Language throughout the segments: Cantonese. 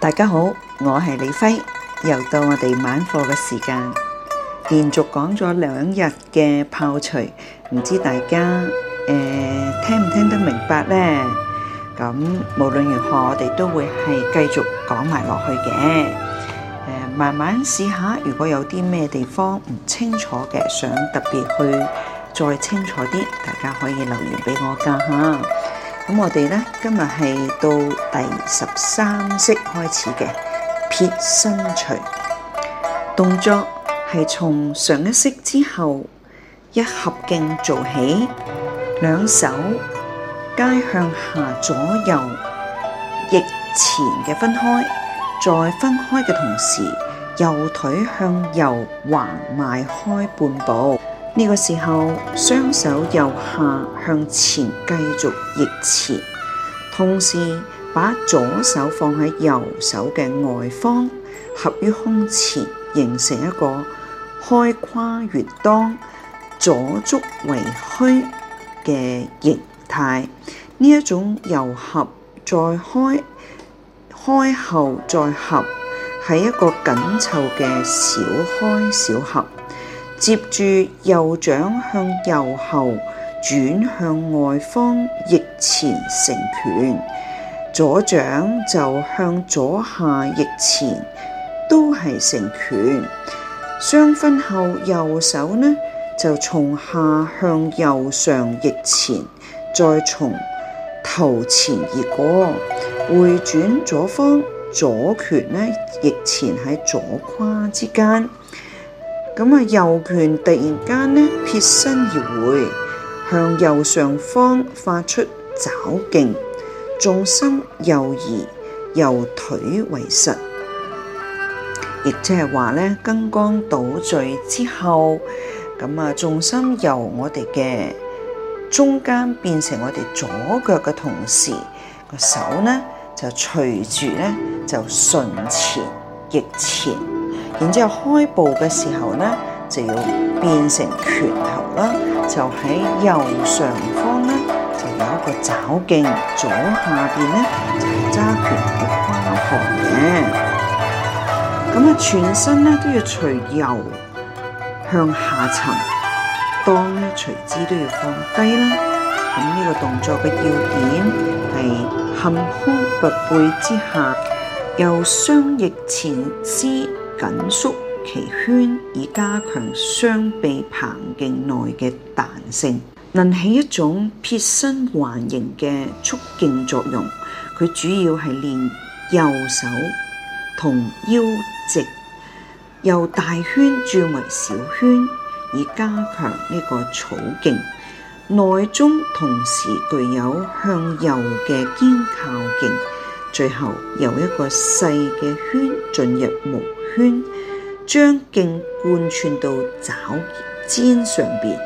大家好，我係李輝，又到我哋晚課嘅時間，連續講咗兩日嘅炮捶，唔知大家誒、呃、聽唔聽得明白呢？咁無論如何，我哋都會係繼續講埋落去嘅、呃。慢慢試下，如果有啲咩地方唔清楚嘅，想特別去再清楚啲，大家可以留言俾我噶吓。咁我哋呢今日係到第十三式開始嘅撇身捶，動作係從上一式之後一合勁做起，兩手皆向下左右逆前嘅分開，再分開嘅同時，右腿向右橫邁開半步。呢個時候，雙手由下向前繼續逆前，同時把左手放喺右手嘅外方，合於胸前，形成一個開胯越襠、左足為虛嘅形態。呢一種由合再開，開後再合，係一個緊湊嘅小開小合。接住，右掌向右後轉向外方逆前成拳，左掌就向左下逆前，都係成拳。雙分後，右手呢就從下向右上逆前，再從頭前而過，回轉左方，左拳呢逆前喺左胯之間。咁啊，右拳突然間咧，撇身而回，向右上方發出爪勁，重心右移，右腿為實。亦即係話咧，金剛搗碓之後，咁啊，重心由我哋嘅中間變成我哋左腳嘅同時，個手咧就隨住咧就順前逆前。然之後開步嘅時候呢，就要變成拳頭啦，就喺右上方呢，就有一個爪勁，左下邊呢，就揸拳要跨防嘅。全身呢都要隨右向下沉，當咧隨肢都要放低啦。咁呢個動作嘅要點係含胸拔背之下，由雙翼前肢。緊縮其圈，以加強雙臂掤勁內嘅彈性，能起一種撇身環形嘅促勁作用。佢主要係練右手同腰直，由大圈轉為小圈，以加強呢個草勁。內中同時具有向右嘅肩靠勁，最後由一個細嘅圈進入末圈將勁貫穿到爪尖上邊，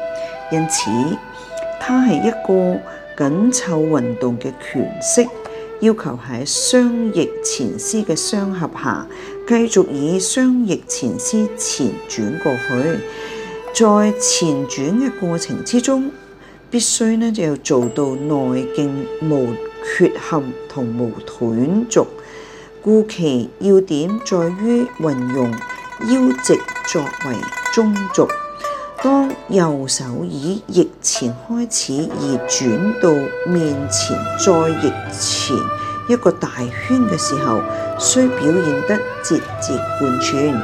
因此它係一個緊湊運動嘅拳式，要求喺雙翼前絲嘅雙合下，繼續以雙翼前絲前轉過去，在前轉嘅過程之中，必須呢就要做到內勁無缺陷同無斷續。故其要點在於運用腰脊作為中軸，當右手以逆纏開始而轉到面前再逆纏一個大圈嘅時候，需表現得節節貫串；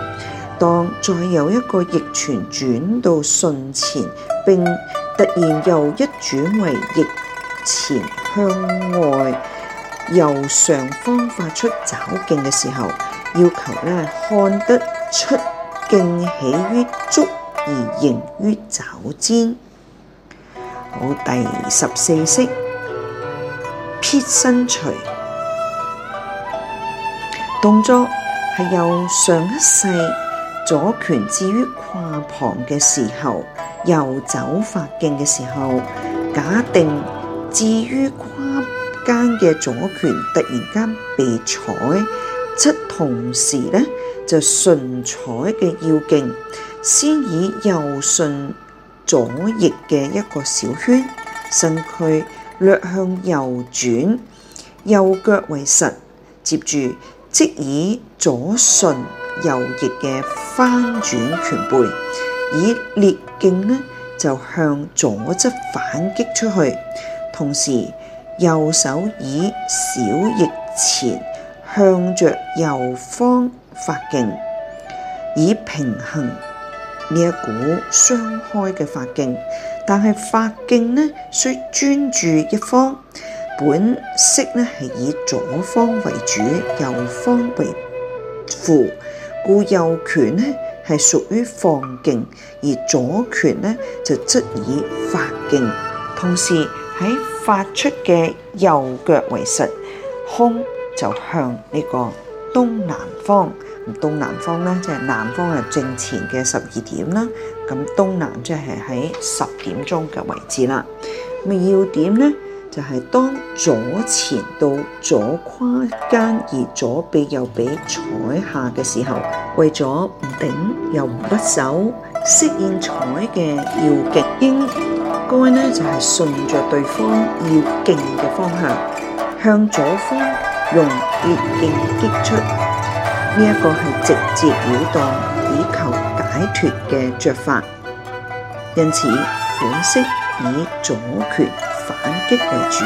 當再由一個逆纏轉到順纏，並突然又一轉為逆纏向外。由上方發出爪勁嘅時候，要求呢，看得出勁起於足而形於爪尖。好，第十四式撇身捶動作係由上一勢左拳置於胯旁嘅時候，右肘發勁嘅時候，假定置於。間嘅左拳突然間被採，即同時呢，就順採嘅要勁，先以右順左逆嘅一個小圈，身軀略向右轉，右腳為實，接住即以左順右逆嘅翻轉拳背，以挒勁呢，就向左側反擊出去，同時。右手以小逆前，向着右方發勁，以平衡呢一股雙開嘅發勁。但係發勁呢，需專注一方，本色呢，係以左方為主，右方為輔。故右拳呢，係屬於放勁，而左拳呢，就則以發勁。同時喺發出嘅右腳為實，胸就向呢個東南方。咁東南方咧，即係南方嘅正前嘅十二點啦。咁東南即係喺十點鐘嘅位置啦。咁要點咧，就係當左前到左胯間而左臂又俾採下嘅時候，為咗唔頂又唔甩手，適應採嘅要勁應。該呢，就係順着對方要勁嘅方向，向左方用力勁擊出，呢一個係直接了當以求解脱嘅着法。因此，本式以左拳反擊為主，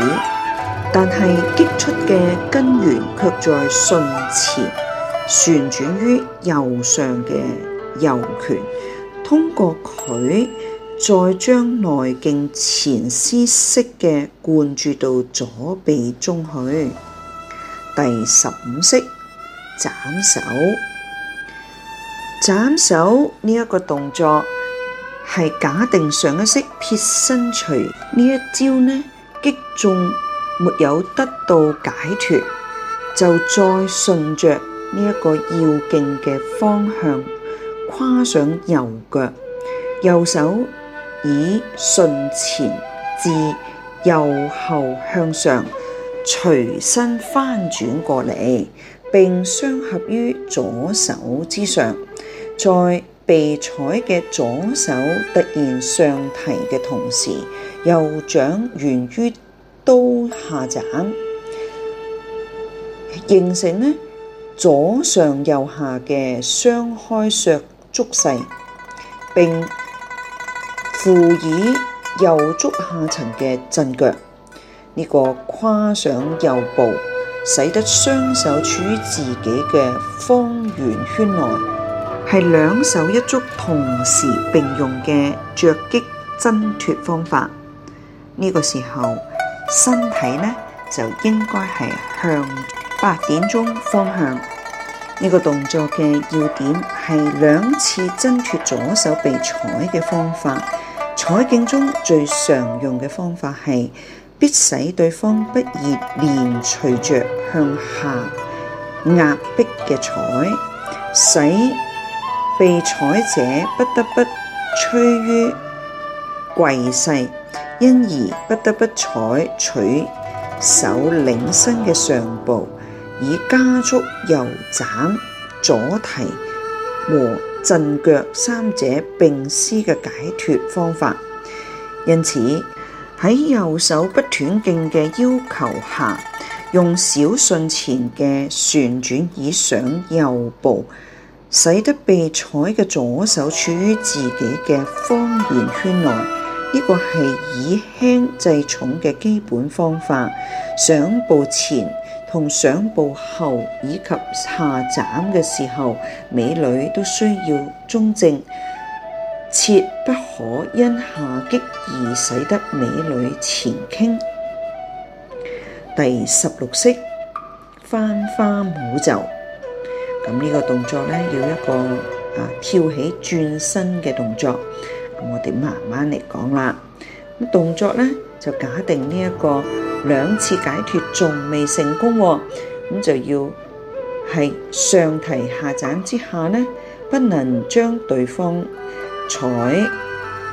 但係擊出嘅根源卻在順前旋轉於右上嘅右拳，通過佢。再將內勁前絲式嘅灌注到左臂中去。第十五式斬手，斬手呢一個動作係假定上一式撇身捶，呢一招呢擊中沒有得到解脱，就再順着呢一個要勁嘅方向跨上右腳，右手。以順前至右後向上，隨身翻轉過嚟，並相合於左手之上。在被採嘅左手突然上提嘅同時，右掌沿於刀下斬，形成呢左上右下嘅雙開削足勢，並，扶以右足下沉嘅震腳，呢、這個跨上右步，使得雙手處於自己嘅方圓圈內，係兩手一足同時並用嘅着擊掙脫方法。呢、這個時候，身體呢就應該係向八點鐘方向。呢、這個動作嘅要點係兩次掙脫左手被採嘅方法。採勁中最常用嘅方法係，迫使對方不意連隨着向下壓迫嘅採，使被採者不得不趨於跪勢，因而不得不採取手領身嘅上部，以加速右斬左提。和震腳三者並施嘅解脱方法，因此喺右手不斷勁嘅要求下，用小順前嘅旋轉以上右步，使得被採嘅左手處於自己嘅方圓圈內，呢、這個係以輕制重嘅基本方法。上步前。同上步後以及下斬嘅時候，美女都需要中正，切不可因下擊而使得美女前傾。第十六式翻花舞袖，咁呢個動作咧要一個啊跳起轉身嘅動作，咁我哋慢慢嚟講啦。咁動作咧就假定呢一個。兩次解脱仲未成功，哦，咁就要係上提下斬之下呢，不能將對方採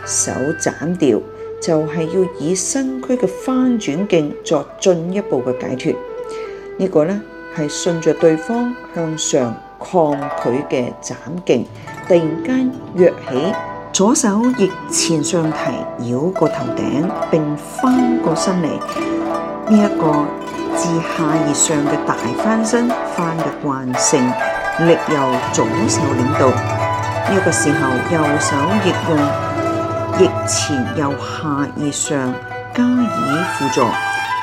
手斬掉，就係、是、要以身軀嘅翻轉勁作進一步嘅解脱。呢、這個呢，係順着對方向上抗拒嘅斬勁，突然間躍起，左手逆前上提繞過頭頂，並翻過身嚟。呢一，這個自下而上嘅大翻身翻嘅慣性，力由左手領導，呢、這個時候右手亦用，亦前右下而上加以輔助，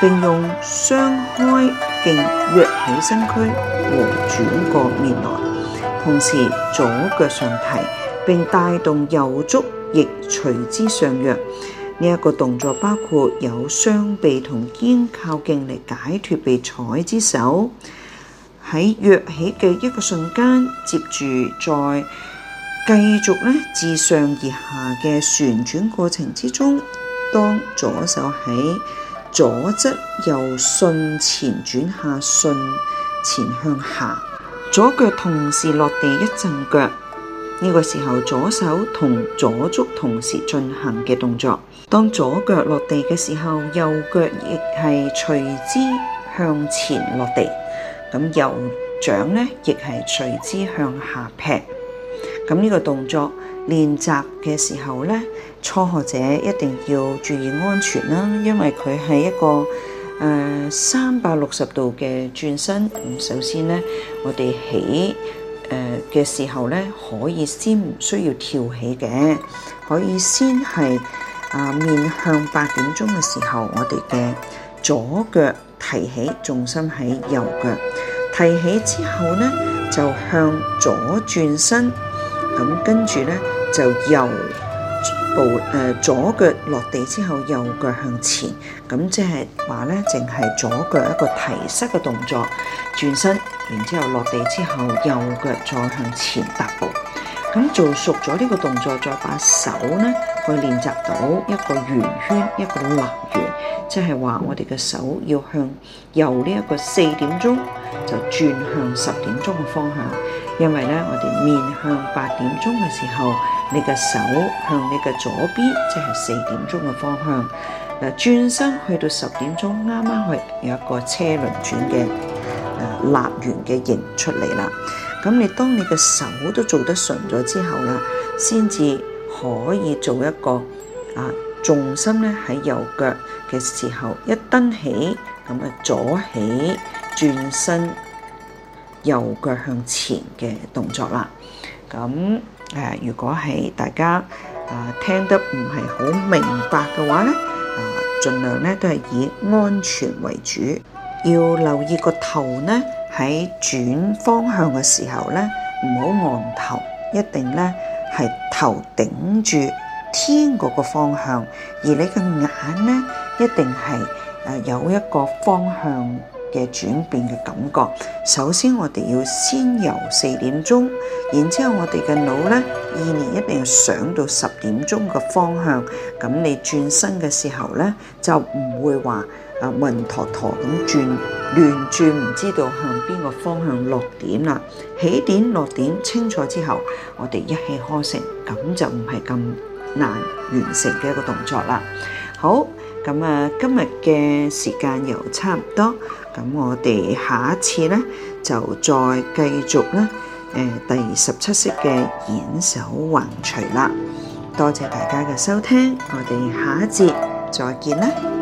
並用雙開勁躍起身軀和轉過面來，同時左腳上提，並帶動右足亦隨之上躍。呢一個動作包括有雙臂同肩靠近嚟解脫被採之手，喺躍起嘅一個瞬間，接住再繼續咧自上而下嘅旋轉過程之中，當左手喺左側右順前轉下順前向下，左腳同時落地一震腳。呢個時候左手同左足同時進行嘅動作，當左腳落地嘅時候，右腳亦係隨之向前落地，咁右掌呢亦係隨之向下劈。咁、這、呢個動作練習嘅時候呢，初學者一定要注意安全啦，因為佢係一個誒三百六十度嘅轉身。咁首先呢，我哋起。誒嘅、呃、時候咧，可以先唔需要跳起嘅，可以先係啊、呃、面向八點鐘嘅時候，我哋嘅左腳提起，重心喺右腳提起之後咧，就向左轉身，咁跟住咧就右步誒、呃、左腳落地之後，右腳向前，咁即係話咧，淨係左腳一個提膝嘅動作轉身。然之後落地之後，右腳再向前踏步。咁做熟咗呢個動作，再把手咧去練習到一個圓圈，一個立圓。即係話我哋嘅手要向由呢一個四點鐘就轉向十點鐘嘅方向。因為咧，我哋面向八點鐘嘅時候，你嘅手向你嘅左邊，即係四點鐘嘅方向。嗱，轉身去到十點鐘，啱啱去，有一個車輪轉嘅。立完嘅形出嚟啦，咁你當你嘅手都做得順咗之後啦，先至可以做一個啊重心咧喺右腳嘅時候一蹬起咁啊左起轉身右腳向前嘅動作啦。咁誒，如果係大家啊聽得唔係好明白嘅話咧，啊盡量咧都係以安全為主。要留意個頭咧，喺轉方向嘅時候咧，唔好昂頭，一定咧係頭頂住天嗰個方向，而你嘅眼咧一定係誒有一個方向嘅轉變嘅感覺。首先我哋要先由四點鐘，然之後我哋嘅腦咧意念一定要上到十點鐘嘅方向，咁你轉身嘅時候咧就唔會話。啊，暈陀陀咁轉，亂轉唔知道向邊個方向落點啦。起點落點清楚之後，我哋一氣呵成，咁就唔係咁難完成嘅一個動作啦。好，咁啊，今日嘅時間又差唔多，咁我哋下一次咧就再繼續咧誒第十七式嘅演手橫錘啦。多謝大家嘅收聽，我哋下一節再見啦。